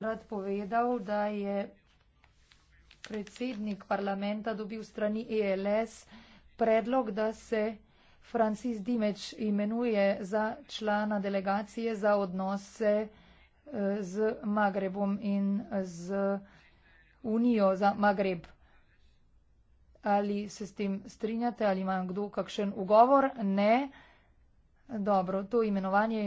rad povedal, da je predsednik parlamenta dobil strani ELS predlog, da se Francis Dimeč imenuje za člana delegacije za odnose eh, z Magrebom in z Unijo za Magreb. Ali se s tem strinjate, ali ima kdo kakšen ugovor? Ne. Dobro, to imenovanje je